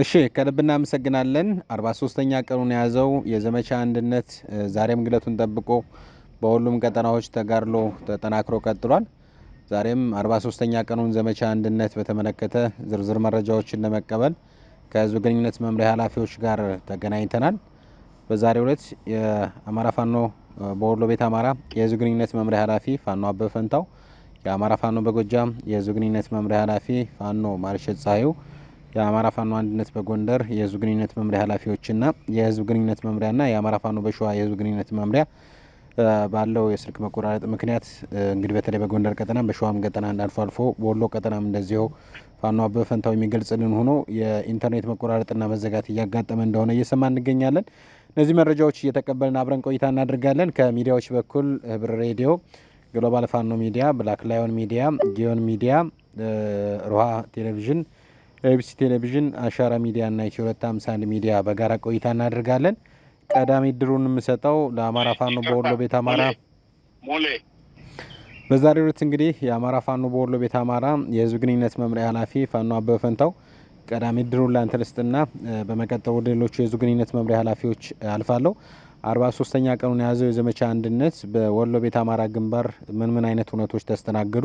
እሺ ከልብ እናመሰግናለን አርባ ሶስተኛ ቀኑን የያዘው የዘመቻ አንድነት ዛሬም ግለቱን ጠብቆ በሁሉም ቀጠናዎች ተጋድሎ ተጠናክሮ ቀጥሏል። ዛሬም አርባ ሶስተኛ ቀኑን ዘመቻ አንድነት በተመለከተ ዝርዝር መረጃዎችን ለመቀበል ከህዝብ ግንኙነት መምሪያ ኃላፊዎች ጋር ተገናኝተናል። በዛሬው ዕለት የአማራ ፋኖ በወሎ ቤት አማራ የህዝብ ግንኙነት መምሪያ ኃላፊ ፋኖ አበበ ፈንታው፣ የአማራ ፋኖ በጎጃም የህዝብ ግንኙነት መምሪያ ኃላፊ ፋኖ ማርሸት ፀሐዩ የአማራ ፋኖ አንድነት በጎንደር የህዝብ ግንኙነት መምሪያ ኃላፊዎችና የህዝብ ግንኙነት መምሪያና የአማራ ፋኖ በሸዋ የህዝብ ግንኙነት መምሪያ ባለው የስልክ መቆራረጥ ምክንያት እንግዲህ በተለይ በጎንደር ቀጠና በሸዋም ቀጠና እንዳልፎ አልፎ በወሎ ቀጠናም እንደዚሁ ፋኖ አበበ ፈንታው የሚገልጽልን ሆኖ የኢንተርኔት መቆራረጥና መዘጋት እያጋጠመ እንደሆነ እየሰማ እንገኛለን። እነዚህ መረጃዎች እየተቀበልን አብረን ቆይታ እናደርጋለን። ከሚዲያዎች በኩል ህብር ሬዲዮ፣ ግሎባል ፋኖ ሚዲያ፣ ብላክ ላዮን ሚዲያ፣ ጊዮን ሚዲያ፣ ሮሃ ቴሌቪዥን ኤቢሲ ቴሌቪዥን፣ አሻራ ሚዲያ እና ኢትዮ 251 ሚዲያ በጋራ ቆይታ እናደርጋለን። ቀዳሚ ድሩን የምሰጠው ለአማራ ፋኖ በወሎ ቤት አማራ ሙሌ በዛሬው ዕለት እንግዲህ የአማራ ፋኖ በወሎ ቤት አማራ የህዝብ ግንኙነት መምሪያ ኃላፊ ፋኖ አበበ ፈንታው ቀዳሚ ድሩን ላንተ ልስጥና በመቀጠሉ ወደ ሌሎቹ የህዝብ ግንኙነት መምሪያ ኃላፊዎች አልፋለሁ። አርባ ሶስተኛ ቀኑን የያዘው የዘመቻ አንድነት በወሎ ቤት አማራ ግንባር ምን ምን አይነት እውነቶች ተስተናገዱ?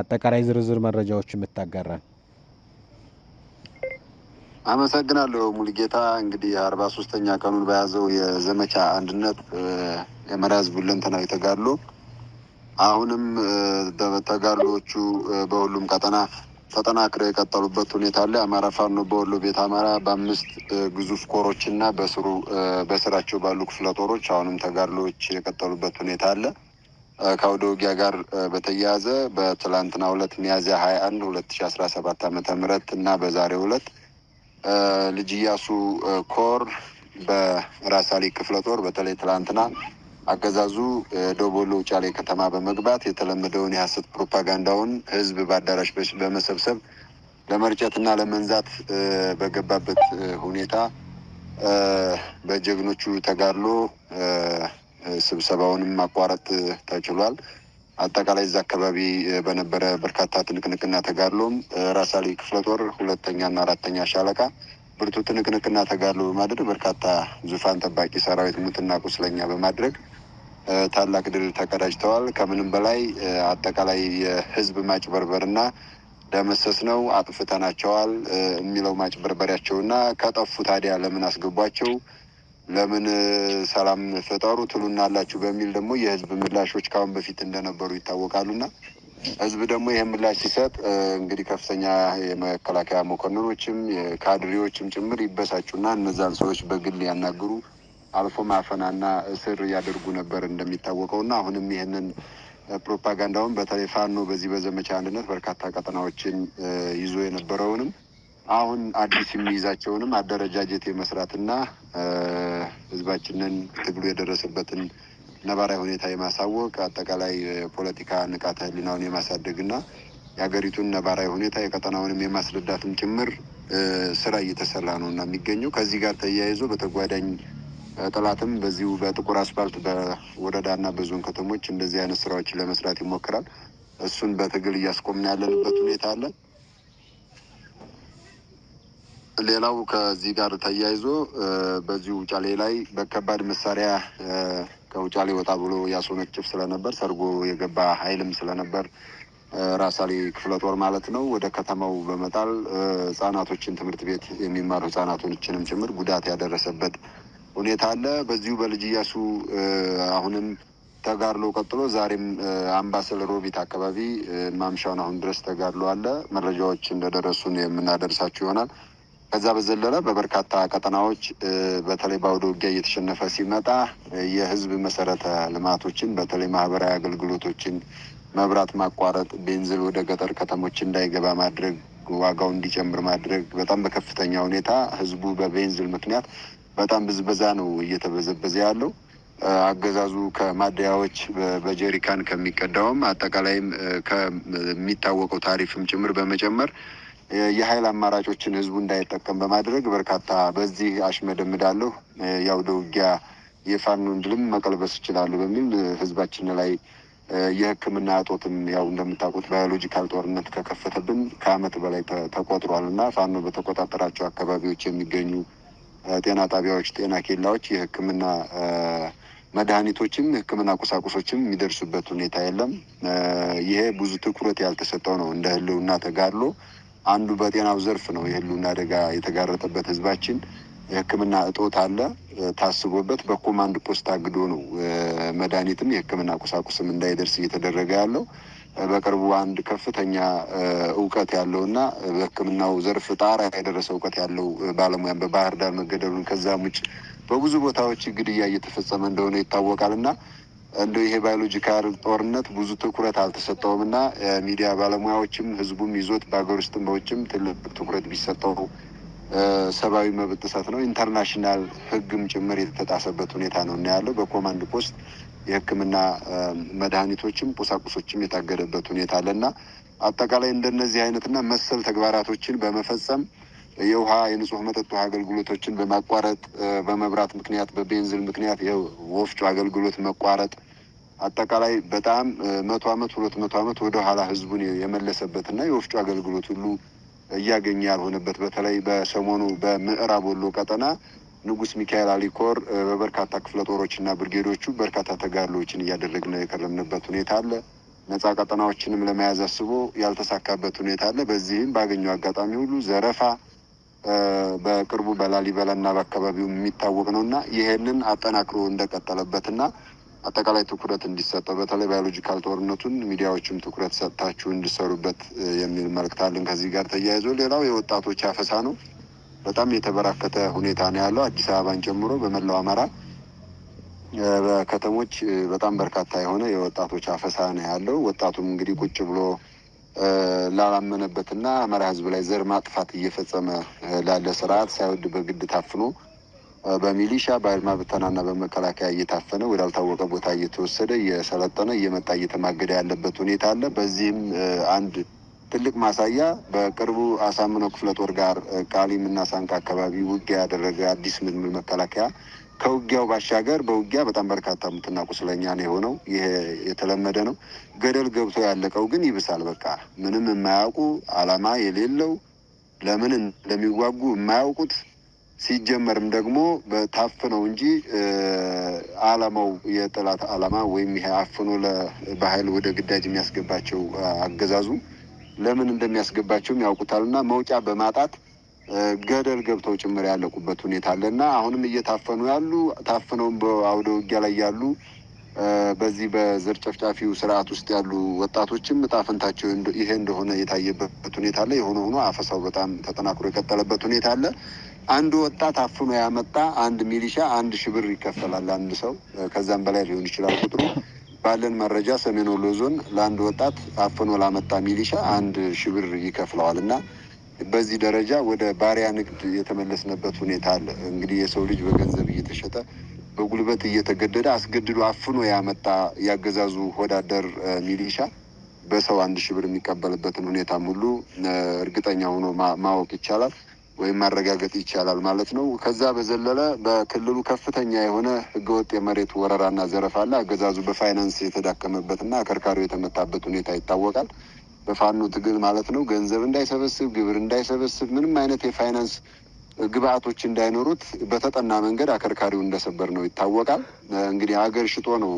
አጠቃላይ ዝርዝር መረጃዎች የምታጋራል አመሰግናለሁ ሙልጌታ። እንግዲህ አርባ ሶስተኛ ቀኑን በያዘው የዘመቻ አንድነት የአማራ ህዝቡ ሁለንተናዊ ተጋድሎ አሁንም ተጋድሎዎቹ በሁሉም ቀጠና ተጠናክረው የቀጠሉበት ሁኔታ አለ። አማራ ፋኖ በወሎ ቤት አማራ በአምስት ግዙፍ ኮሮች እና በስሩ በስራቸው ባሉ ክፍለ ጦሮች አሁንም ተጋድሎዎች የቀጠሉበት ሁኔታ አለ። ከአውደ ውጊያ ጋር በተያያዘ በትላንትና ሁለት ሚያዝያ ሀያ አንድ ሁለት ሺ አስራ ሰባት አመተ ምህረት እና በዛሬ ሁለት ልጅ እያሱ ኮር በራሳሊ ክፍለ ጦር በተለይ ትላንትና አገዛዙ ደቦሎ ጫሌ ከተማ በመግባት የተለመደውን የሀሰት ፕሮፓጋንዳውን ህዝብ በአዳራሽ በመሰብሰብ ለመርጨትና ለመንዛት በገባበት ሁኔታ በጀግኖቹ ተጋድሎ ስብሰባውንም ማቋረጥ ተችሏል። አጠቃላይ እዛ አካባቢ በነበረ በርካታ ትንቅንቅና ተጋድሎም ራሳሊ ክፍለ ጦር ሁለተኛና አራተኛ ሻለቃ ብርቱ ትንቅንቅና ተጋድሎ በማድረግ በርካታ ዙፋን ጠባቂ ሰራዊት ሙትና ቁስለኛ በማድረግ ታላቅ ድል ተቀዳጅተዋል። ከምንም በላይ አጠቃላይ የህዝብ ማጭበርበርና ደመሰስ ነው አጥፍተናቸዋል የሚለው ማጭበርበሪያቸውና ከጠፉ ታዲያ ለምን አስገቧቸው ለምን ሰላም ፈጠሩ ትሉናላችሁ በሚል ደግሞ የህዝብ ምላሾች ከአሁን በፊት እንደነበሩ ይታወቃሉና ህዝብ ደግሞ ይህ ምላሽ ሲሰጥ እንግዲህ ከፍተኛ የመከላከያ መኮንኖችም የካድሬዎችም ጭምር ይበሳጩና እነዛን ሰዎች በግል ያናግሩ አልፎ ማፈናና እስር ያደርጉ ነበር እንደሚታወቀው ና አሁንም ይህንን ፕሮፓጋንዳውን በተለይ ፋኖ በዚህ በዘመቻ አንድነት በርካታ ቀጠናዎችን ይዞ የነበረውንም አሁን አዲስ የሚይዛቸውንም አደረጃጀት የመስራትና ህዝባችንን ትግሉ የደረሰበትን ነባራዊ ሁኔታ የማሳወቅ አጠቃላይ ፖለቲካ ንቃተ ህሊናውን የማሳደግና የሀገሪቱን ነባራዊ ሁኔታ የቀጠናውንም የማስረዳትም ጭምር ስራ እየተሰራ ነው እና የሚገኘው ከዚህ ጋር ተያይዞ በተጓዳኝ ጠላትም በዚሁ በጥቁር አስፋልት በወረዳና በዞን ከተሞች እንደዚህ አይነት ስራዎችን ለመስራት ይሞክራል። እሱን በትግል እያስቆምን ያለንበት ሁኔታ አለን። ሌላው ከዚህ ጋር ተያይዞ በዚህ ውጫሌ ላይ በከባድ መሳሪያ ከውጫሌ ወጣ ብሎ ያስወነጭፍ ስለነበር ሰርጎ የገባ ኃይልም ስለነበር ራሳሊ ክፍለ ጦር ማለት ነው ወደ ከተማው በመጣል ህጻናቶችን ትምህርት ቤት የሚማሩ ህጻናቶችንም ጭምር ጉዳት ያደረሰበት ሁኔታ አለ። በዚሁ በልጅ እያሱ አሁንም ተጋድሎ ቀጥሎ ዛሬም አምባሰል ሮቢት አካባቢ ማምሻውን አሁን ድረስ ተጋድሎ አለ። መረጃዎች እንደደረሱን የምናደርሳችሁ ይሆናል። ከዛ በዘለለ በበርካታ ቀጠናዎች በተለይ በአውደ ውጊያ እየተሸነፈ ሲመጣ የህዝብ መሰረተ ልማቶችን በተለይ ማህበራዊ አገልግሎቶችን መብራት ማቋረጥ፣ ቤንዝል ወደ ገጠር ከተሞች እንዳይገባ ማድረግ፣ ዋጋው እንዲጨምር ማድረግ በጣም በከፍተኛ ሁኔታ ህዝቡ በቤንዝል ምክንያት በጣም ብዝበዛ ነው እየተበዘበዘ ያለው። አገዛዙ ከማደያዎች በጀሪካን ከሚቀዳውም አጠቃላይም ከሚታወቀው ታሪፍም ጭምር በመጨመር የኃይል አማራጮችን ህዝቡ እንዳይጠቀም በማድረግ በርካታ በዚህ አሽመደምዳለሁ የአውደ ውጊያ የፋኖን ድልም መቀልበስ ይችላሉ በሚል ህዝባችን ላይ የህክምና እጦትም ያው እንደምታውቁት ባዮሎጂካል ጦርነት ከከፈተብን ከአመት በላይ ተቆጥሯል እና ፋኖ በተቆጣጠራቸው አካባቢዎች የሚገኙ ጤና ጣቢያዎች፣ ጤና ኬላዎች የህክምና መድኃኒቶችም ህክምና ቁሳቁሶችም የሚደርሱበት ሁኔታ የለም። ይሄ ብዙ ትኩረት ያልተሰጠው ነው እንደ ህልውና ተጋድሎ አንዱ በጤናው ዘርፍ ነው። የህልውና አደጋ የተጋረጠበት ህዝባችን የህክምና እጦት አለ። ታስቦበት በኮማንድ ፖስት አግዶ ነው መድኃኒትም የህክምና ቁሳቁስም እንዳይደርስ እየተደረገ ያለው። በቅርቡ አንድ ከፍተኛ እውቀት ያለውና በህክምናው ዘርፍ ጣራ የደረሰ እውቀት ያለው ባለሙያን በባህር ዳር መገደሉን ከዛም ውጭ በብዙ ቦታዎች ግድያ እየተፈጸመ እንደሆነ ይታወቃል እና እንደ ይሄ ባዮሎጂካል ጦርነት ብዙ ትኩረት አልተሰጠውም እና ሚዲያ ባለሙያዎችም ህዝቡም ይዞት በሀገር ውስጥም በውጭም ትልቅ ትኩረት ቢሰጠው ሰብአዊ መብት ጥሰት ነው። ኢንተርናሽናል ህግም ጭምር የተጣሰበት ሁኔታ ነው እናያለው። በኮማንድ ፖስት የህክምና መድኃኒቶችም ቁሳቁሶችም የታገደበት ሁኔታ አለ እና አጠቃላይ እንደነዚህ አይነትና መሰል ተግባራቶችን በመፈጸም የውሃ የንጹህ መጠጥ ውሃ አገልግሎቶችን በማቋረጥ በመብራት ምክንያት በቤንዝል ምክንያት የወፍጮ አገልግሎት መቋረጥ አጠቃላይ በጣም መቶ ዓመት ሁለት መቶ ዓመት ወደ ኋላ ህዝቡን የመለሰበትና የወፍጮ አገልግሎት ሁሉ እያገኘ ያልሆነበት በተለይ በሰሞኑ በምዕራብ ወሎ ቀጠና ንጉስ ሚካኤል አሊኮር በበርካታ ክፍለ እና ብርጌዶቹ በርካታ ተጋድሎዎችን እያደረግን የከረምንበት ሁኔታ አለ። ነጻ ቀጠናዎችንም ለመያዝ አስቦ ያልተሳካበት ሁኔታ አለ። በዚህም ባገኘው አጋጣሚ ሁሉ ዘረፋ በቅርቡ በላሊበላ እና በአካባቢው የሚታወቅ ነው እና ይሄንን አጠናክሮ እንደቀጠለበትና አጠቃላይ ትኩረት እንዲሰጠው በተለይ ባዮሎጂካል ጦርነቱን ሚዲያዎችም ትኩረት ሰጥታችሁ እንዲሰሩበት የሚል መልእክት አለን። ከዚህ ጋር ተያይዞ ሌላው የወጣቶች አፈሳ ነው። በጣም የተበራከተ ሁኔታ ነው ያለው። አዲስ አበባን ጨምሮ በመላው አማራ በከተሞች በጣም በርካታ የሆነ የወጣቶች አፈሳ ነው ያለው። ወጣቱም እንግዲህ ቁጭ ብሎ ላላመነበትና አማራ ህዝብ ላይ ዘር ማጥፋት እየፈጸመ ላለ ስርዓት ሳይወድ በግድ ታፍኖ በሚሊሻ በአድማ ብተናና በመከላከያ እየታፈነ ወዳልታወቀ ቦታ እየተወሰደ እየሰለጠነ እየመጣ እየተማገደ ያለበት ሁኔታ አለ። በዚህም አንድ ትልቅ ማሳያ በቅርቡ አሳምነው ክፍለ ጦር ጋር ቃሊምና ሳንቃ አካባቢ ውጊያ ያደረገ አዲስ ምልምል መከላከያ ከውጊያው ባሻገር በውጊያ በጣም በርካታ ሙትና ቁስለኛ ነው የሆነው። ይሄ የተለመደ ነው። ገደል ገብቶ ያለቀው ግን ይብሳል። በቃ ምንም የማያውቁ አላማ የሌለው ለምን እንደሚዋጉ የማያውቁት ሲጀመርም ደግሞ በታፍነው እንጂ አላማው የጠላት አላማ ወይም ይሄ አፍኖ በኃይል ወደ ግዳጅ የሚያስገባቸው አገዛዙ ለምን እንደሚያስገባቸውም ያውቁታልና መውጫ በማጣት ገደል ገብተው ጭምር ያለቁበት ሁኔታ አለ እና አሁንም እየታፈኑ ያሉ ታፍነውም በአውደ ውጊያ ላይ ያሉ በዚህ በዘር ጨፍጫፊው ስርዓት ውስጥ ያሉ ወጣቶችም ጣፍንታቸው ይሄ እንደሆነ የታየበት ሁኔታ አለ። የሆነ ሆኖ አፈሳው በጣም ተጠናክሮ የቀጠለበት ሁኔታ አለ። አንድ ወጣት አፍኖ ያመጣ አንድ ሚሊሻ አንድ ሺህ ብር ይከፈላል። አንድ ሰው ከዛም በላይ ሊሆን ይችላል ቁጥሩ። ባለን መረጃ ሰሜን ወሎ ዞን ለአንድ ወጣት አፍኖ ላመጣ ሚሊሻ አንድ ሺህ ብር ይከፍለዋል እና በዚህ ደረጃ ወደ ባሪያ ንግድ የተመለስንበት ሁኔታ አለ። እንግዲህ የሰው ልጅ በገንዘብ እየተሸጠ በጉልበት እየተገደደ አስገድዶ አፍኖ ያመጣ ያገዛዙ ሆዳደር ሚሊሻ በሰው አንድ ሺህ ብር የሚቀበልበትን ሁኔታም ሁሉ እርግጠኛ ሆኖ ማወቅ ይቻላል ወይም ማረጋገጥ ይቻላል ማለት ነው። ከዛ በዘለለ በክልሉ ከፍተኛ የሆነ ህገወጥ የመሬት ወረራና ዘረፋ አለ። አገዛዙ በፋይናንስ የተዳከመበትና አከርካሪው የተመታበት ሁኔታ ይታወቃል። በፋኖ ትግል ማለት ነው። ገንዘብ እንዳይሰበስብ፣ ግብር እንዳይሰበስብ፣ ምንም አይነት የፋይናንስ ግብአቶች እንዳይኖሩት በተጠና መንገድ አከርካሪው እንደሰበር ነው ይታወቃል። እንግዲህ ሀገር ሽጦ ነው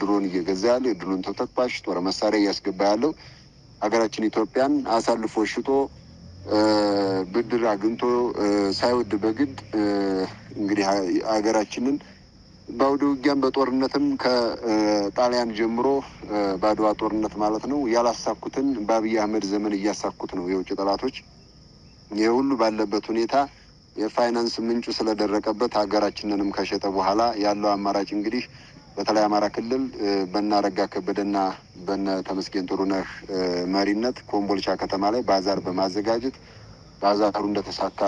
ድሮን እየገዛ ያለ የድሮን ተተኳሽ ጦር መሳሪያ እያስገባ ያለው ሀገራችን ኢትዮጵያን አሳልፎ ሽጦ ብድር አግኝቶ ሳይወድ በግድ እንግዲህ ሀገራችንን በአውደ ውጊያም በጦርነትም ከጣሊያን ጀምሮ በአድዋ ጦርነት ማለት ነው ያላሳኩትን በአብይ አህመድ ዘመን እያሳኩት ነው የውጭ ጠላቶች። ይህ ሁሉ ባለበት ሁኔታ የፋይናንስ ምንጩ ስለደረቀበት ሀገራችንንም ከሸጠ በኋላ ያለው አማራጭ እንግዲህ በተለይ አማራ ክልል በናረጋ ከበደና በነ ተመስገን ጥሩነህ መሪነት ኮምቦልቻ ከተማ ላይ ባዛር በማዘጋጀት ባዛሩ እንደተሳካ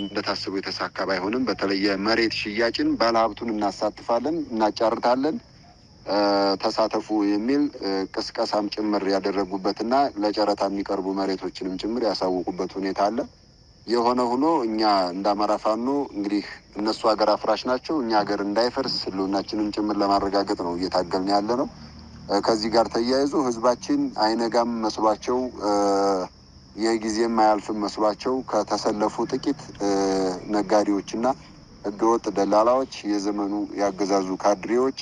እንደታስቡ የተሳካ ባይሆንም በተለይ የመሬት ሽያጭን ባለሀብቱን እናሳትፋለን፣ እናጫርታለን፣ ተሳተፉ የሚል ቅስቀሳም ጭምር ያደረጉበትና ለጨረታ የሚቀርቡ መሬቶችንም ጭምር ያሳወቁበት ሁኔታ አለ። የሆነ ሆኖ እኛ እንደ አማራ ፋኖ እንግዲህ እነሱ ሀገር አፍራሽ ናቸው። እኛ ሀገር እንዳይፈርስ ህልውናችንም ጭምር ለማረጋገጥ ነው እየታገልን ያለ ነው። ከዚህ ጋር ተያይዞ ህዝባችን አይነጋም መስሏቸው ይህ ጊዜ አያልፍም መስሏቸው ከተሰለፉ ጥቂት ነጋዴዎችና ህገወጥ ደላላዎች፣ የዘመኑ ያገዛዙ ካድሬዎች፣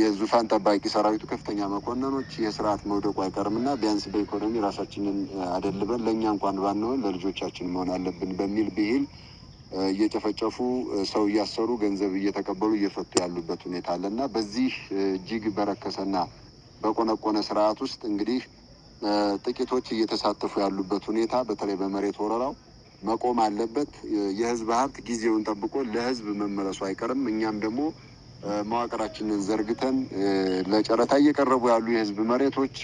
የዙፋን ጠባቂ ሰራዊቱ ከፍተኛ መኮንኖች የስርዓት መውደቁ አይቀርምና ቢያንስ በኢኮኖሚ ራሳችንን አደልበን ለእኛ እንኳን ባንሆን ለልጆቻችን መሆን አለብን በሚል ብሂል እየጨፈጨፉ ሰው እያሰሩ ገንዘብ እየተቀበሉ እየፈቱ ያሉበት ሁኔታ አለና በዚህ እጅግ በረከሰና በቆነቆነ ስርዓት ውስጥ እንግዲህ ጥቂቶች እየተሳተፉ ያሉበት ሁኔታ በተለይ በመሬት ወረራው መቆም አለበት። የህዝብ ሀብት ጊዜውን ጠብቆ ለህዝብ መመለሱ አይቀርም። እኛም ደግሞ መዋቅራችንን ዘርግተን ለጨረታ እየቀረቡ ያሉ የህዝብ መሬቶች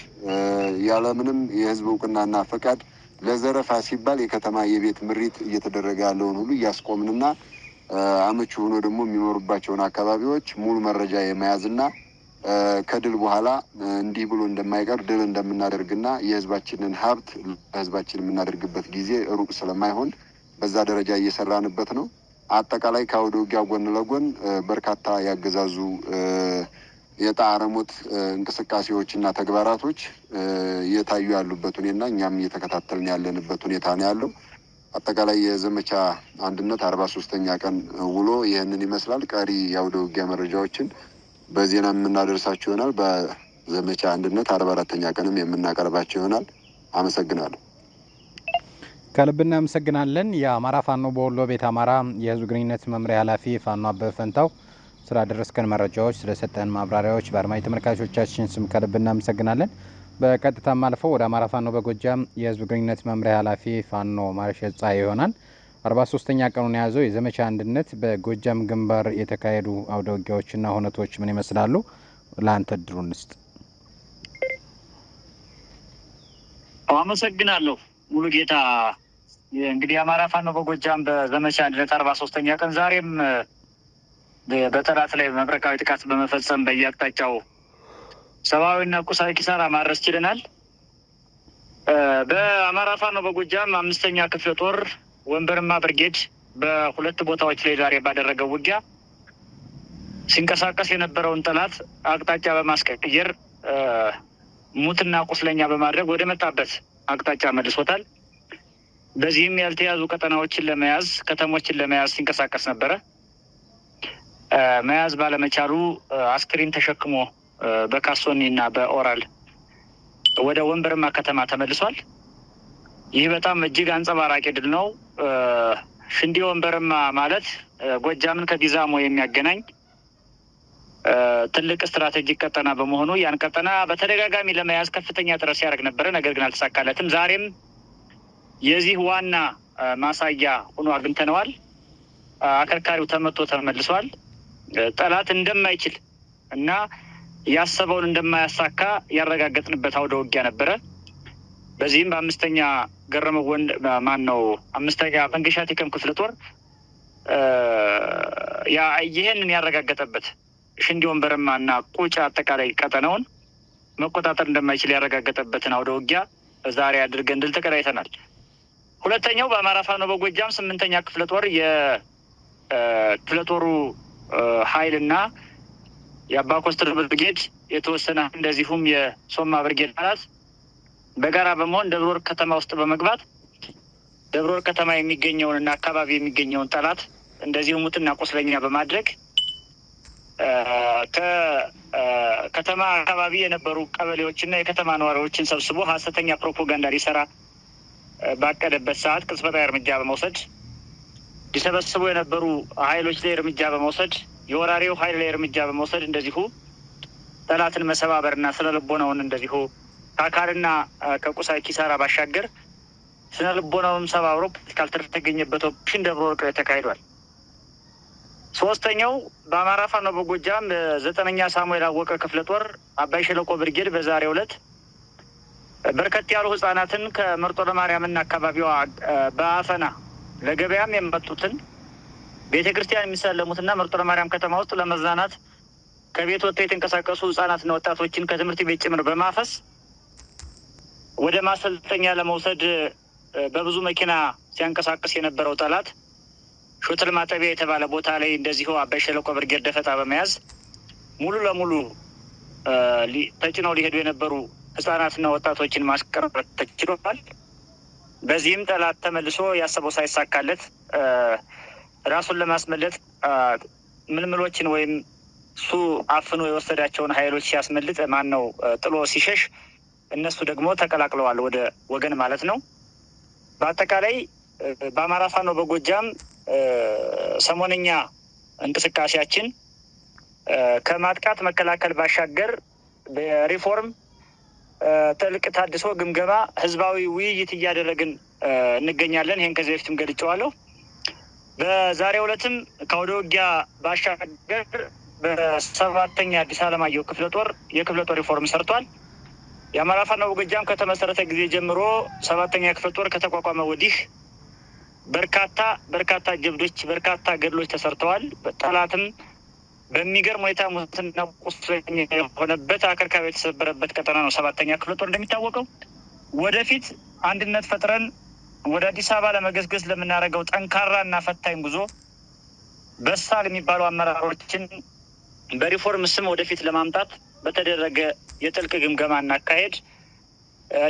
ያለምንም የህዝብ እውቅናና ፈቃድ ለዘረፋ ሲባል የከተማ የቤት ምሪት እየተደረገ ያለውን ሁሉ እያስቆምንና አመቺ ሆኖ ደግሞ የሚኖሩባቸውን አካባቢዎች ሙሉ መረጃ የመያዝና ከድል በኋላ እንዲህ ብሎ እንደማይቀር ድል እንደምናደርግና የህዝባችንን ሀብት ለህዝባችን የምናደርግበት ጊዜ ሩቅ ስለማይሆን በዛ ደረጃ እየሰራንበት ነው። አጠቃላይ ከአውደ ውጊያ ጎን ለጎን በርካታ ያገዛዙ የጣረሞት እንቅስቃሴዎችና ተግባራቶች እየታዩ ያሉበት ሁኔታና እኛም እየተከታተልን ያለንበት ሁኔታ ነው ያለው። አጠቃላይ የዘመቻ አንድነት አርባ ሶስተኛ ቀን ውሎ ይህንን ይመስላል። ቀሪ የአውደ ውጊያ መረጃዎችን በዜና የምናደርሳችሁ ይሆናል። በዘመቻ አንድነት አርባ አራተኛ ቀንም የምናቀርባቸው ይሆናል። አመሰግናለሁ። ከልብ እናመሰግናለን። የአማራ ፋኖ በወሎ ቤት አማራ የህዝብ ግንኙነት መምሪያ ኃላፊ ፋኖ አበበ ፈንታው ስላደረስከን መረጃዎች፣ ስለሰጠን ማብራሪያዎች በአድማጭ ተመልካቾቻችን ስም ከልብ እናመሰግናለን። በቀጥታም አልፈው ወደ አማራ ፋኖ በጎጃም የህዝብ ግንኙነት መምሪያ ኃላፊ ፋኖ ማርሸ ጻ ይሆናል። 43ኛ ቀኑን የያዘው የዘመቻ አንድነት በጎጃም ግንባር የተካሄዱ አውደ ውጊያዎችና ሁነቶች ምን ይመስላሉ? ለአንተ እድሉን ስጥ። አመሰግናለሁ ሙሉ ጌታ። እንግዲህ አማራ ፋኖ በጎጃም በዘመቻ አንድነት አርባ ሶስተኛ ቀን ዛሬም በጠላት ላይ መብረቃዊ ጥቃት በመፈጸም በየአቅጣጫው ሰብአዊና ቁሳዊ ኪሳራ ማድረስ ችለናል። በአማራ ፋኖ በጎጃም አምስተኛ ክፍለ ጦር ወንበርማ ብርጌድ በሁለት ቦታዎች ላይ ዛሬ ባደረገው ውጊያ ሲንቀሳቀስ የነበረውን ጠላት አቅጣጫ በማስቀየር ሙትና ቁስለኛ በማድረግ ወደ መጣበት አቅጣጫ መልሶታል። በዚህም ያልተያዙ ቀጠናዎችን ለመያዝ ከተሞችን ለመያዝ ሲንቀሳቀስ ነበረ። መያዝ ባለመቻሉ አስክሪን ተሸክሞ በካሶኒ እና በኦራል ወደ ወንበርማ ከተማ ተመልሷል። ይህ በጣም እጅግ አንጸባራቂ ድል ነው። ሽንዲ ወንበርማ ማለት ጎጃምን ከዲዛሞ የሚያገናኝ ትልቅ ስትራቴጂክ ቀጠና በመሆኑ ያን ቀጠና በተደጋጋሚ ለመያዝ ከፍተኛ ጥረት ሲያደርግ ነበረ። ነገር ግን አልተሳካለትም። ዛሬም የዚህ ዋና ማሳያ ሆኖ አግኝተነዋል። አከርካሪው ተመቶ ተመልሷል። ጠላት እንደማይችል እና ያሰበውን እንደማያሳካ ያረጋገጥንበት አውደ ውጊያ ነበረ። በዚህም በአምስተኛ ገረመ ወንድ ማን ነው አምስተኛ መንገሻ ቴከም ክፍለ ጦር ይህንን ያረጋገጠበት ሽንዲ ወንበርማ እና ቁጭ አጠቃላይ ቀጠናውን መቆጣጠር እንደማይችል ያረጋገጠበትን አውደ ውጊያ ዛሬ አድርገን ድል ተቀዳጅተናል። ሁለተኛው በአማራ ፋኖ በጎጃም ስምንተኛ ክፍለ ጦር የክፍለ ጦሩ ኃይል እና የአባ ኮስተር ብርጌድ የተወሰነ እንደዚሁም የሶማ ብርጌድ አላት በጋራ በመሆን ደብረ ወርቅ ከተማ ውስጥ በመግባት ደብረ ወርቅ ከተማ የሚገኘውን እና አካባቢ የሚገኘውን ጠላት እንደዚሁ ሙትና ቁስለኛ በማድረግ ከከተማ አካባቢ የነበሩ ቀበሌዎችና የከተማ ነዋሪዎችን ሰብስቦ ሀሰተኛ ፕሮፓጋንዳ ሊሰራ ባቀደበት ሰዓት ቅጽበታዊ እርምጃ በመውሰድ ሊሰበስቡ የነበሩ ኃይሎች ላይ እርምጃ በመውሰድ የወራሪው ኃይል ላይ እርምጃ በመውሰድ እንደዚሁ ጠላትን መሰባበርና ስነ ልቦናውን እንደዚሁ ከአካልና ከቁሳዊ ኪሳራ ባሻገር ስነ ልቦናውም ሰባብሮ ፖለቲካል ትርፍ የተገኘበት ኦፕሽን ደብረ ወርቅ ተካሂዷል። ሶስተኛው በአማራ ፋኖ በጎጃም ዘጠነኛ ሳሙኤል አወቀ ክፍለ ጦር አባይ ሸለቆ ብርጌድ በዛሬው ዕለት በርከት ያሉ ህጻናትን ከመርጦ ለማርያምና አካባቢዋ በአፈና ለገበያም የመጡትን ቤተ ክርስቲያን የሚሳለሙትና መርጦ ለማርያም ከተማ ውስጥ ለመዝናናት ከቤት ወጥተው የተንቀሳቀሱ ህጻናትና ወጣቶችን ከትምህርት ቤት ጭምር በማፈስ ወደ ማሰልጠኛ ለመውሰድ በብዙ መኪና ሲያንቀሳቅስ የነበረው ጠላት ሾትል ማጠቢያ የተባለ ቦታ ላይ እንደዚሁ አባይ ሸለቆ ብርጌድ ደፈጣ በመያዝ ሙሉ ለሙሉ ተጭነው ሊሄዱ የነበሩ ህጻናትና ወጣቶችን ማስቀረት ተችሏል። በዚህም ጠላት ተመልሶ ያሰበው ሳይሳካለት ራሱን ለማስመለጥ ምልምሎችን ወይም እሱ አፍኖ የወሰዳቸውን ኃይሎች ሲያስመልጥ ማን ነው ጥሎ ሲሸሽ እነሱ ደግሞ ተቀላቅለዋል ወደ ወገን ማለት ነው። በአጠቃላይ በአማራ ፋኖ በጎጃም ሰሞነኛ እንቅስቃሴያችን ከማጥቃት መከላከል ባሻገር በሪፎርም ጥልቅ ታድሶ ግምገማ፣ ህዝባዊ ውይይት እያደረግን እንገኛለን። ይህን ከዚህ በፊትም ገልጨዋለሁ። በዛሬው ዕለትም ከአውደ ውጊያ ባሻገር በሰባተኛ አዲስ አለማየሁ ክፍለ ጦር የክፍለ ጦር ሪፎርም ሰርቷል። የአማራ ፋኖ በጎጃም ከተመሰረተ ጊዜ ጀምሮ ሰባተኛ ክፍለ ጦር ከተቋቋመ ወዲህ በርካታ በርካታ ጀብዶች በርካታ ገድሎች ተሰርተዋል። ጠላትም በሚገርም ሁኔታ ሙትና ቁስለኛ የሆነበት አከርካሪ የተሰበረበት ቀጠና ነው ሰባተኛ ክፍለ ጦር። እንደሚታወቀው ወደፊት አንድነት ፈጥረን ወደ አዲስ አበባ ለመገስገስ ለምናደርገው ጠንካራ እና ፈታኝ ጉዞ በሳል የሚባሉ አመራሮችን በሪፎርም ስም ወደፊት ለማምጣት በተደረገ የጥልቅ ግምገማና አካሄድ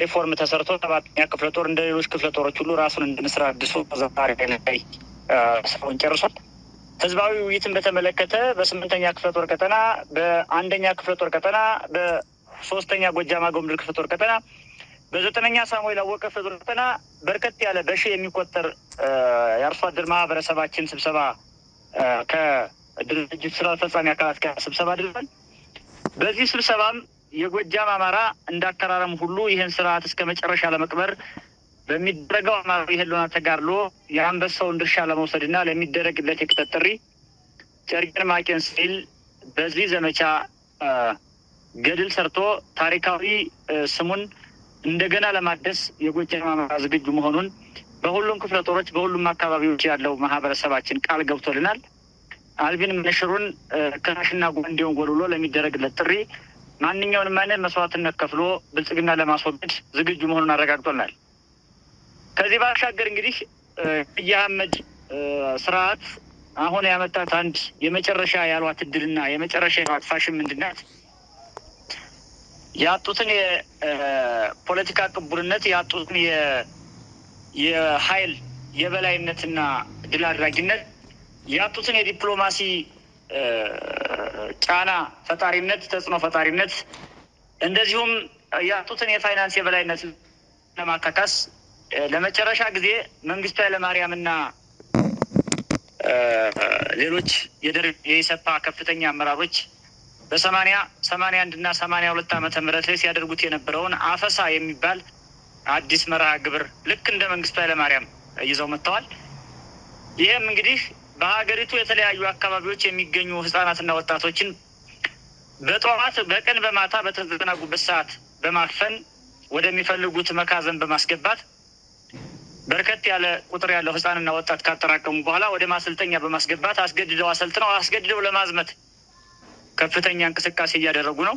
ሪፎርም ተሰርቶ ሰባተኛ ክፍለ ጦር እንደ ሌሎች ክፍለ ጦሮች ሁሉ ራሱን እንድንስራ አድሶ ዛሬ ላይ ስራውን ጨርሷል። ህዝባዊ ውይይትን በተመለከተ በስምንተኛ ክፍለ ጦር ቀጠና፣ በአንደኛ ክፍለ ጦር ቀጠና፣ በሶስተኛ ጎጃም አገው ምድር ክፍለ ጦር ቀጠና፣ በዘጠነኛ ሳሙኤል አወቀ ክፍለ ጦር ቀጠና በርከት ያለ በሺ የሚቆጠር የአርሶ አደር ማህበረሰባችን ስብሰባ ከድርጅት ስራ አስፈጻሚ አካላት ጋር ስብሰባ አድርገን በዚህ ስብሰባም የጎጃም አማራ እንዳከራረም ሁሉ ይህን ስርዓት እስከ መጨረሻ ለመቅበር በሚደረገው አማራዊ የህልና ተጋድሎ የአንበሳውን ድርሻ ለመውሰድና ለሚደረግለት የክተት ጥሪ ጨርቄን ማቄን ሲል በዚህ ዘመቻ ገድል ሰርቶ ታሪካዊ ስሙን እንደገና ለማደስ የጎጃም አማራ ዝግጁ መሆኑን በሁሉም ክፍለ ጦሮች፣ በሁሉም አካባቢዎች ያለው ማህበረሰባችን ቃል ገብቶልናል። አልቪን ምንሽሩን ከሽና ጓንዴውን ጎልብሎ ለሚደረግለት ጥሪ ማንኛውንም አይነት መስዋዕትነት ከፍሎ ብልጽግና ለማስወገድ ዝግጁ መሆኑን አረጋግጦናል። ከዚህ ባሻገር እንግዲህ አብይ አህመድ ስርዓት አሁን ያመጣት አንድ የመጨረሻ ያሏት እድልና የመጨረሻ ያሏት ፋሽን ምንድናት? ያጡትን የፖለቲካ ቅቡልነት ያጡትን የኃይል የበላይነትና ድል አድራጊነት ያጡትን የዲፕሎማሲ ጫና ፈጣሪነት፣ ተጽዕኖ ፈጣሪነት እንደዚሁም ያጡትን የፋይናንስ የበላይነት ለማካካስ ለመጨረሻ ጊዜ መንግስቱ ኃይለማርያምና ሌሎች የኢሰፓ ከፍተኛ አመራሮች በሰማኒያ ሰማኒያ አንድ እና ሰማኒያ ሁለት ዓመተ ምህረት ላይ ሲያደርጉት የነበረውን አፈሳ የሚባል አዲስ መርሃ ግብር ልክ እንደ መንግስቱ ኃይለማርያም ይዘው መጥተዋል። ይህም እንግዲህ በሀገሪቱ የተለያዩ አካባቢዎች የሚገኙ ህጻናትና ወጣቶችን በጠዋት በቀን በማታ በተዘናጉበት ሰዓት በማፈን ወደሚፈልጉት መካዘን በማስገባት በርከት ያለ ቁጥር ያለው ህጻንና ወጣት ካጠራቀሙ በኋላ ወደ ማሰልጠኛ በማስገባት አስገድደው አሰልጥነው አስገድደው ለማዝመት ከፍተኛ እንቅስቃሴ እያደረጉ ነው።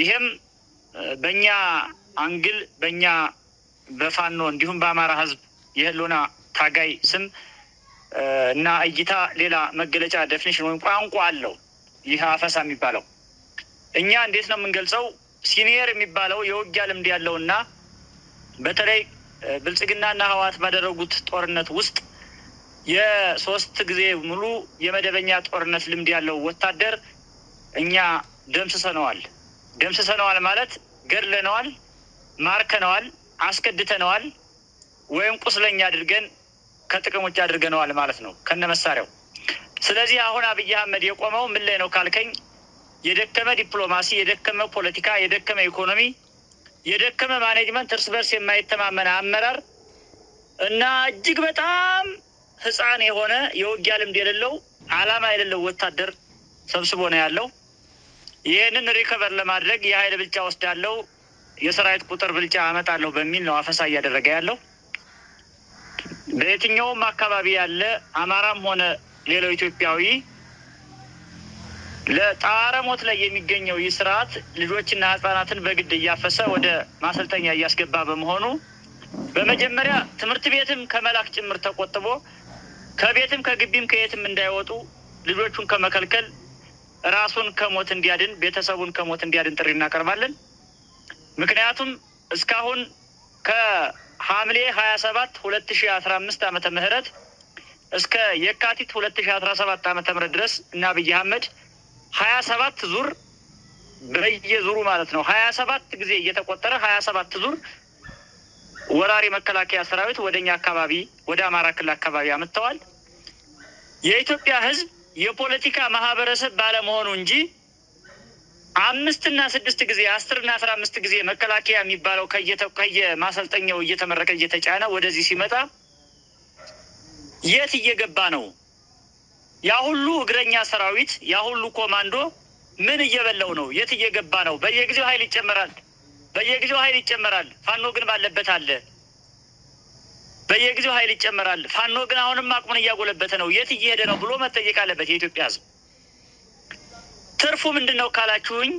ይህም በእኛ አንግል በእኛ በፋኖ እንዲሁም በአማራ ህዝብ የህልውና ታጋይ ስም እና እይታ ሌላ መገለጫ ደፊኒሽን ወይም ቋንቋ አለው። ይህ አፈሳ የሚባለው እኛ እንዴት ነው የምንገልጸው? ሲኒየር የሚባለው የውጊያ ልምድ ያለው እና በተለይ ብልጽግናና ህወሓት ባደረጉት ጦርነት ውስጥ የሶስት ጊዜ ሙሉ የመደበኛ ጦርነት ልምድ ያለው ወታደር እኛ ደምስሰነዋል። ደምስሰነዋል ማለት ገድለነዋል፣ ማርከነዋል፣ አስገድተነዋል ወይም ቁስለኛ አድርገን ከጥቅም ውጭ አድርገነዋል ማለት ነው ከነ መሳሪያው። ስለዚህ አሁን አብይ አህመድ የቆመው ምን ላይ ነው ካልከኝ፣ የደከመ ዲፕሎማሲ፣ የደከመ ፖለቲካ፣ የደከመ ኢኮኖሚ፣ የደከመ ማኔጅመንት፣ እርስ በርስ የማይተማመን አመራር እና እጅግ በጣም ህፃን የሆነ የውጊያ ልምድ የሌለው አላማ የሌለው ወታደር ሰብስቦ ነው ያለው። ይህንን ሪከቨር ለማድረግ የኃይል ብልጫ ወስዳለው፣ የሰራዊት ቁጥር ብልጫ አመጣለሁ በሚል ነው አፈሳ እያደረገ ያለው። በየትኛውም አካባቢ ያለ አማራም ሆነ ሌላው ኢትዮጵያዊ ለጣረ ሞት ላይ የሚገኘው ይህ ስርዓት ልጆችና ህጻናትን በግድ እያፈሰ ወደ ማሰልጠኛ እያስገባ በመሆኑ በመጀመሪያ ትምህርት ቤትም ከመላክ ጭምር ተቆጥቦ ከቤትም ከግቢም ከየትም እንዳይወጡ ልጆቹን ከመከልከል ራሱን ከሞት እንዲያድን ቤተሰቡን ከሞት እንዲያድን ጥሪ እናቀርባለን። ምክንያቱም እስካሁን ከ ሐምሌ 27 2015 ዓመተ ምህረት እስከ የካቲት 2017 ዓመተ ምህረት ድረስ እና አብይ አህመድ 27 ዙር በየዙሩ ማለት ነው 27 ጊዜ እየተቆጠረ 27 ዙር ወራሪ መከላከያ ሰራዊት ወደ እኛ አካባቢ ወደ አማራ ክልል አካባቢ አመጥተዋል። የኢትዮጵያ ህዝብ የፖለቲካ ማህበረሰብ ባለመሆኑ እንጂ አምስትና ስድስት ጊዜ አስርና አስራ አምስት ጊዜ መከላከያ የሚባለው ከየማሰልጠኛው እየተመረቀ እየተጫነ ወደዚህ ሲመጣ የት እየገባ ነው? ያ ሁሉ እግረኛ ሰራዊት ያ ሁሉ ኮማንዶ ምን እየበላው ነው? የት እየገባ ነው? በየጊዜው ኃይል ይጨመራል። በየጊዜው ኃይል ይጨመራል። ፋኖ ግን ባለበት አለ። በየጊዜው ኃይል ይጨመራል። ፋኖ ግን አሁንም አቅሙን እያጎለበተ ነው። የት እየሄደ ነው ብሎ መጠየቅ አለበት የኢትዮጵያ ሕዝብ። ትርፉ ምንድን ነው ካላችሁኝ፣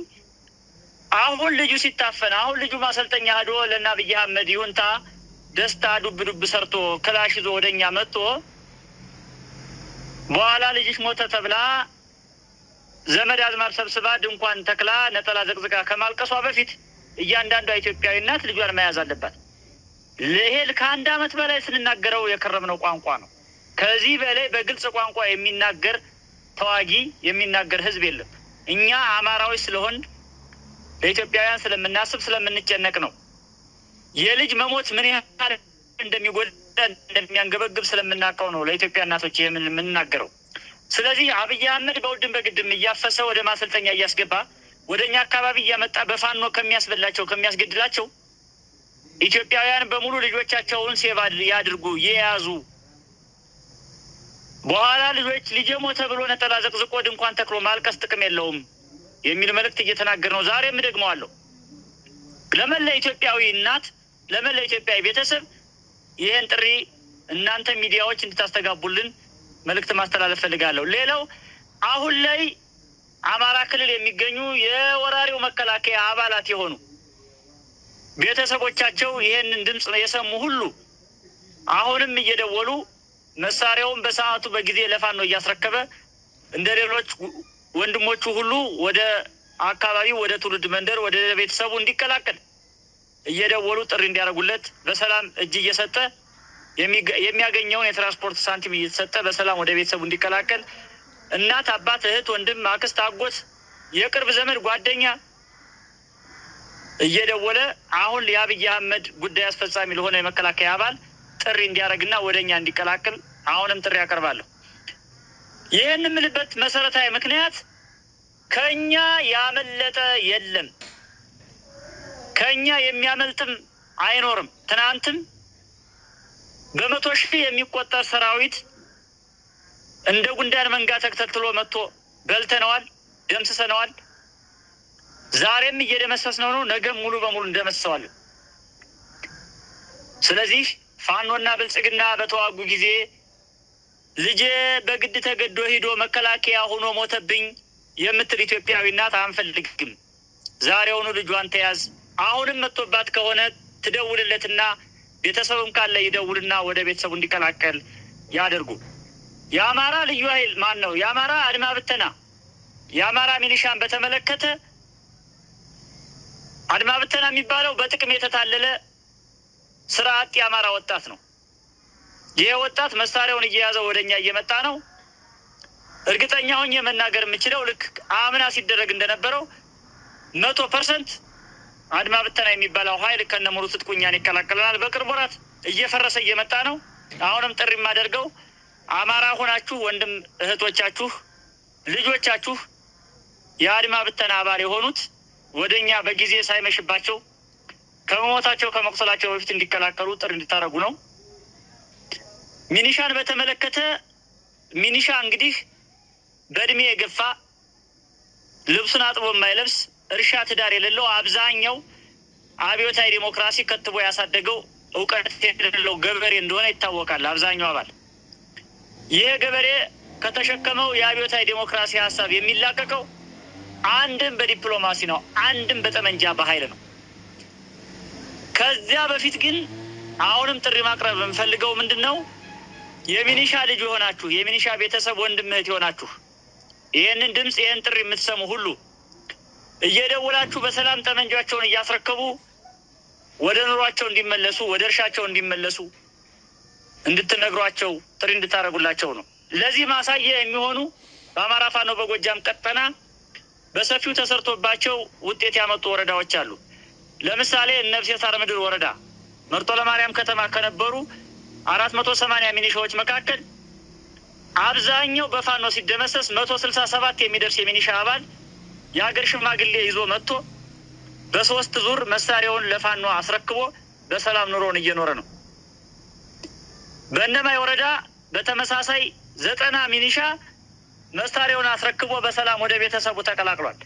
አሁን ልጁ ሲታፈን አሁን ልጁ ማሰልጠኛ ሄዶ ለና አብይ አህመድ ይሁንታ ደስታ ዱብ ዱብ ሰርቶ ክላሽ ይዞ ወደ እኛ መጥቶ በኋላ ልጅሽ ሞተ ተብላ ዘመድ አዝማር ሰብስባ ድንኳን ተክላ ነጠላ ዘቅዝቃ ከማልቀሷ በፊት እያንዳንዷ ኢትዮጵያዊ እናት ልጇን መያዝ አለባት። ይሄ ከአንድ ዓመት በላይ ስንናገረው የከረምነው ቋንቋ ነው። ከዚህ በላይ በግልጽ ቋንቋ የሚናገር ተዋጊ የሚናገር ህዝብ የለም። እኛ አማራዎች ስለሆን ለኢትዮጵያውያን ስለምናስብ ስለምንጨነቅ ነው። የልጅ መሞት ምን ያህል እንደሚጎዳ እንደሚያንገበግብ ስለምናውቀው ነው ለኢትዮጵያ እናቶች ይህን የምንናገረው። ስለዚህ አብይ አህመድ በውድም በግድም እያፈሰ ወደ ማሰልጠኛ እያስገባ ወደ እኛ አካባቢ እያመጣ በፋኖ ከሚያስበላቸው ከሚያስገድላቸው ኢትዮጵያውያን በሙሉ ልጆቻቸውን ሴቭ ያድርጉ የያዙ በኋላ ልጆች ልጄ ሞተ ብሎ ነጠላ ዘቅዝቆ ድንኳን ተክሎ ማልቀስ ጥቅም የለውም የሚል መልእክት እየተናገር ነው። ዛሬም ደግመዋለሁ። ለመላ ኢትዮጵያዊ እናት፣ ለመላ ኢትዮጵያዊ ቤተሰብ ይህን ጥሪ እናንተ ሚዲያዎች እንድታስተጋቡልን መልእክት ማስተላለፍ ፈልጋለሁ። ሌላው አሁን ላይ አማራ ክልል የሚገኙ የወራሪው መከላከያ አባላት የሆኑ ቤተሰቦቻቸው ይህንን ድምፅ የሰሙ ሁሉ አሁንም እየደወሉ መሳሪያውን በሰዓቱ በጊዜ ለፋኖ ነው እያስረከበ እንደ ሌሎች ወንድሞቹ ሁሉ ወደ አካባቢው ወደ ትውልድ መንደር ወደ ቤተሰቡ እንዲቀላቀል እየደወሉ ጥሪ እንዲያደርጉለት በሰላም እጅ እየሰጠ የሚያገኘውን የትራንስፖርት ሳንቲም እየተሰጠ በሰላም ወደ ቤተሰቡ እንዲቀላቀል እናት፣ አባት፣ እህት፣ ወንድም፣ አክስት፣ አጎት፣ የቅርብ ዘመድ፣ ጓደኛ እየደወለ አሁን የአብይ አህመድ ጉዳይ አስፈጻሚ ለሆነ የመከላከያ አባል ጥሪ እንዲያደርግና ወደ እኛ እንዲቀላቅል አሁንም ጥሪ ያቀርባለሁ። ይህን የምልበት መሰረታዊ ምክንያት ከእኛ ያመለጠ የለም፣ ከእኛ የሚያመልጥም አይኖርም። ትናንትም በመቶ ሺህ የሚቆጠር ሰራዊት እንደ ጉንዳን መንጋ ተከታትሎ መጥቶ በልተነዋል፣ ደምስሰነዋል። ዛሬም እየደመሰስነው ነው። ነገም ሙሉ በሙሉ እንደመስሰዋለን። ስለዚህ ፋኖና ብልጽግና በተዋጉ ጊዜ ልጄ በግድ ተገዶ ሂዶ መከላከያ ሆኖ ሞተብኝ የምትል ኢትዮጵያዊ እናት አንፈልግም። ዛሬውኑ ልጇን ተያዝ። አሁንም መጥቶባት ከሆነ ትደውልለትና ቤተሰብም ካለ ይደውልና ወደ ቤተሰቡ እንዲቀላቀል ያደርጉ። የአማራ ልዩ ኃይል ማን ነው? የአማራ አድማ ብተና፣ የአማራ ሚሊሻን በተመለከተ አድማ ብተና የሚባለው በጥቅም የተታለለ ስራ አጥ የአማራ ወጣት ነው። ይህ ወጣት መሳሪያውን እየያዘ ወደ እኛ እየመጣ ነው። እርግጠኛ ሆኜ መናገር የምችለው ልክ አምና ሲደረግ እንደነበረው መቶ ፐርሰንት አድማ ብተና የሚባለው ኃይል ከነሙሉ ትጥቁ እኛን ይቀላቀለናል። በቅርብ ወራት እየፈረሰ እየመጣ ነው። አሁንም ጥሪ የማደርገው አማራ ሆናችሁ ወንድም እህቶቻችሁ፣ ልጆቻችሁ የአድማ ብተና አባል የሆኑት ወደ እኛ በጊዜ ሳይመሽባቸው ከመሞታቸው ከመቁሰላቸው በፊት እንዲከላከሉ ጥሪ እንድታደረጉ ነው። ሚኒሻን በተመለከተ ሚኒሻ እንግዲህ በእድሜ የገፋ ልብሱን አጥቦ የማይለብስ እርሻ ትዳር የሌለው አብዛኛው አብዮታዊ ዲሞክራሲ ከትቦ ያሳደገው እውቀት የሌለው ገበሬ እንደሆነ ይታወቃል። አብዛኛው አባል ይህ ገበሬ ከተሸከመው የአብዮታዊ ዲሞክራሲ ሀሳብ የሚላቀቀው አንድም በዲፕሎማሲ ነው፣ አንድም በጠመንጃ በኃይል ነው። ከዚያ በፊት ግን አሁንም ጥሪ ማቅረብ የምፈልገው ምንድን ነው፣ የሚኒሻ ልጅ የሆናችሁ የሚኒሻ ቤተሰብ ወንድም እህት የሆናችሁ ይህንን ድምፅ ይህን ጥሪ የምትሰሙ ሁሉ እየደውላችሁ በሰላም ጠመንጃቸውን እያስረከቡ ወደ ኑሯቸው እንዲመለሱ ወደ እርሻቸው እንዲመለሱ እንድትነግሯቸው ጥሪ እንድታደርጉላቸው ነው። ለዚህ ማሳያ የሚሆኑ በአማራ ፋኖ በጎጃም ቀጠና በሰፊው ተሰርቶባቸው ውጤት ያመጡ ወረዳዎች አሉ። ለምሳሌ እነብሴ ሳር ምድር ወረዳ መርጦ ለማርያም ከተማ ከነበሩ አራት መቶ ሰማኒያ ሚኒሻዎች መካከል አብዛኛው በፋኖ ሲደመሰስ መቶ ስልሳ ሰባት የሚደርስ የሚኒሻ አባል የሀገር ሽማግሌ ይዞ መጥቶ በሶስት ዙር መሳሪያውን ለፋኖ አስረክቦ በሰላም ኑሮን እየኖረ ነው። በእነማይ ወረዳ በተመሳሳይ ዘጠና ሚኒሻ መሳሪያውን አስረክቦ በሰላም ወደ ቤተሰቡ ተቀላቅሏል።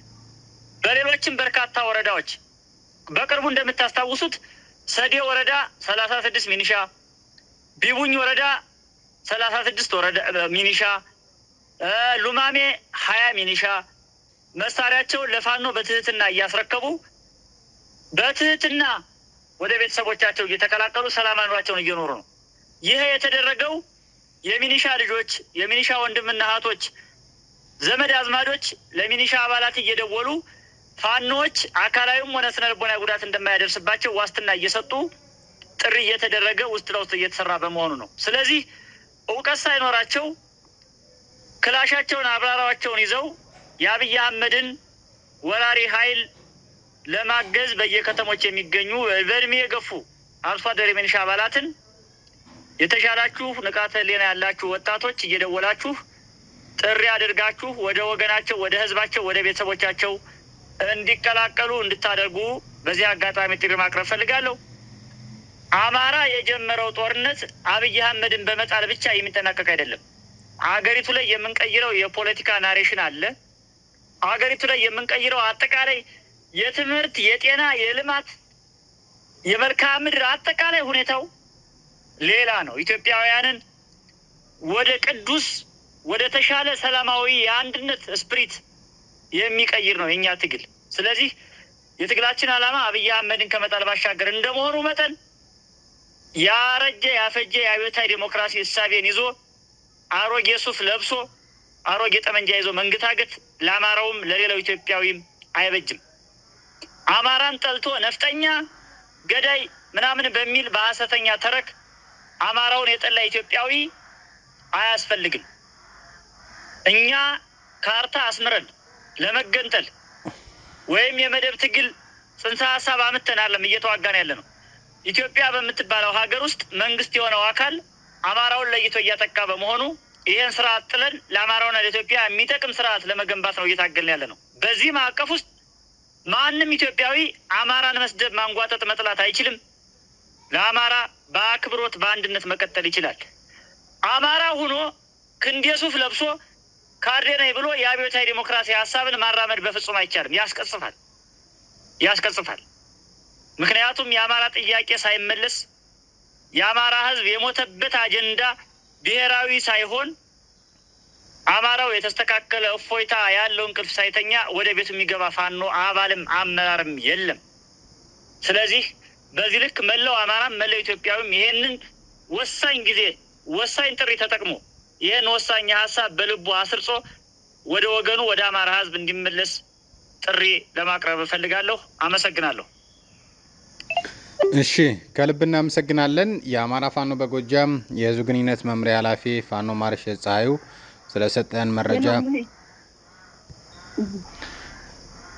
በሌሎችም በርካታ ወረዳዎች በቅርቡ እንደምታስታውሱት ሰዴ ወረዳ ሰላሳ ስድስት ሚኒሻ፣ ቢቡኝ ወረዳ ሰላሳ ስድስት ወረዳ ሚኒሻ፣ ሉማሜ ሀያ ሚኒሻ መሳሪያቸውን ለፋኖ በትህትና እያስረከቡ በትህትና ወደ ቤተሰቦቻቸው እየተቀላቀሉ ሰላም ኑሯቸውን እየኖሩ ነው። ይህ የተደረገው የሚኒሻ ልጆች የሚኒሻ ወንድምና እህቶች ዘመድ አዝማዶች ለሚኒሻ አባላት እየደወሉ ፋኖች አካላዊም ሆነ ልቦና ጉዳት እንደማያደርስባቸው ዋስትና እየሰጡ ጥሪ እየተደረገ ውስጥ ለውስጥ እየተሰራ በመሆኑ ነው። ስለዚህ እውቀት ሳይኖራቸው ክላሻቸውን፣ አብራራቸውን ይዘው የአብይ አህመድን ወራሪ ኃይል ለማገዝ በየከተሞች የሚገኙ በእድሜ የገፉ አርሶ አደር የሚኒሻ አባላትን የተሻላችሁ ንቃተ ሌና ያላችሁ ወጣቶች እየደወላችሁ ጥሪ አድርጋችሁ ወደ ወገናቸው፣ ወደ ህዝባቸው፣ ወደ ቤተሰቦቻቸው እንዲቀላቀሉ እንድታደርጉ በዚህ አጋጣሚ ጥሪ ማቅረብ ፈልጋለሁ። አማራ የጀመረው ጦርነት አብይ አህመድን በመጣል ብቻ የሚጠናቀቅ አይደለም። አገሪቱ ላይ የምንቀይረው የፖለቲካ ናሬሽን አለ። አገሪቱ ላይ የምንቀይረው አጠቃላይ የትምህርት፣ የጤና፣ የልማት፣ የመልክዓ ምድር አጠቃላይ ሁኔታው ሌላ ነው። ኢትዮጵያውያንን ወደ ቅዱስ ወደ ተሻለ ሰላማዊ የአንድነት ስፕሪት የሚቀይር ነው የእኛ ትግል። ስለዚህ የትግላችን ዓላማ አብይ አህመድን ከመጣል ባሻገር እንደመሆኑ መጠን ያረጀ ያፈጀ የአብዮታዊ ዴሞክራሲ እሳቤን ይዞ አሮጌ ሱፍ ለብሶ አሮጌ ጠመንጃ ይዞ መንግታገት ለአማራውም ለሌላው ኢትዮጵያዊም አይበጅም። አማራን ጠልቶ ነፍጠኛ፣ ገዳይ ምናምን በሚል በሐሰተኛ ተረክ አማራውን የጠላ ኢትዮጵያዊ አያስፈልግም። እኛ ካርታ አስምረን ለመገንጠል ወይም የመደብ ትግል ጽንሰ ሀሳብ አምተናለም እየተዋጋን ያለ ነው። ኢትዮጵያ በምትባለው ሀገር ውስጥ መንግስት የሆነው አካል አማራውን ለይቶ እያጠቃ በመሆኑ ይህን ስርዓት ጥለን ለአማራውና ለኢትዮጵያ የሚጠቅም ስርዓት ለመገንባት ነው እየታገልን ያለ ነው። በዚህ ማዕቀፍ ውስጥ ማንም ኢትዮጵያዊ አማራን መስደብ፣ ማንጓጠጥ፣ መጥላት አይችልም። ለአማራ በአክብሮት በአንድነት መቀጠል ይችላል። አማራ ሆኖ ክንዴ ሱፍ ለብሶ ካድሬ ነኝ ብሎ የአብዮታዊ ዲሞክራሲ ሀሳብን ማራመድ በፍጹም አይቻልም። ያስቀጽፋል ያስቀጽፋል። ምክንያቱም የአማራ ጥያቄ ሳይመለስ የአማራ ህዝብ የሞተበት አጀንዳ ብሔራዊ ሳይሆን አማራው የተስተካከለ እፎይታ ያለው እንቅልፍ ሳይተኛ ወደ ቤቱ የሚገባ ፋኖ አባልም አመራርም የለም። ስለዚህ በዚህ ልክ መላው አማራም መላው ኢትዮጵያዊም ይሄንን ወሳኝ ጊዜ ወሳኝ ጥሪ ተጠቅሞ ይህን ወሳኝ ሀሳብ በልቡ አስርጾ ወደ ወገኑ ወደ አማራ ህዝብ እንዲመለስ ጥሪ ለማቅረብ እፈልጋለሁ። አመሰግናለሁ። እሺ ከልብ እናመሰግናለን። የአማራ ፋኖ በጎጃም የህዝብ ግንኙነት መምሪያ ኃላፊ ፋኖ ማርሽ ፀሐዩ ስለሰጠን መረጃ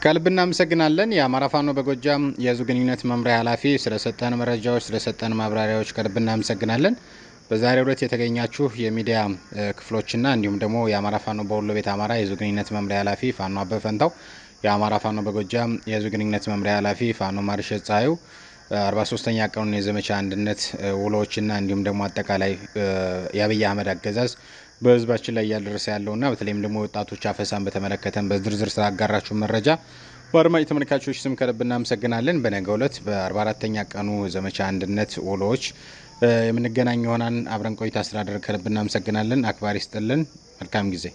ከልብ እናመሰግናለን። የአማራ ፋኖ በጎጃም የህዝብ ግንኙነት መምሪያ ኃላፊ ስለሰጠን መረጃዎች፣ ስለሰጠን ማብራሪያዎች ከልብ እናመሰግናለን። በዛሬው ዕለት የተገኛችሁ የሚዲያ ክፍሎችና እንዲሁም ደግሞ የአማራ ፋኖ በወሎ ቤት አማራ የህዝብ ግንኙነት መምሪያ ኃላፊ ፋኖ አበበ ፈንታው፣ የአማራ ፋኖ በጎጃም የህዝብ ግንኙነት መምሪያ ኃላፊ ፋኖ ማርሸ ጸሐዩ 43ኛ ቀኑን የዘመቻ አንድነት ውሎዎችና እንዲሁም ደግሞ አጠቃላይ የአብይ አህመድ አገዛዝ በህዝባችን ላይ እያደረሰ ያለውና በተለይም ደግሞ ወጣቶች አፈሳን በተመለከተን በዝርዝር ስላጋራችሁ መረጃ በአድማጭ ተመልካቾች ስም ከልብ እናመሰግናለን። በነገው ዕለት በ44ኛ ቀኑ ዘመቻ አንድነት ውሎዎች የምንገናኝ ይሆናል። አብረን ቆይታ ስላደረግ ከልብ እናመሰግናለን። አክባሪ ስጥልን። መልካም ጊዜ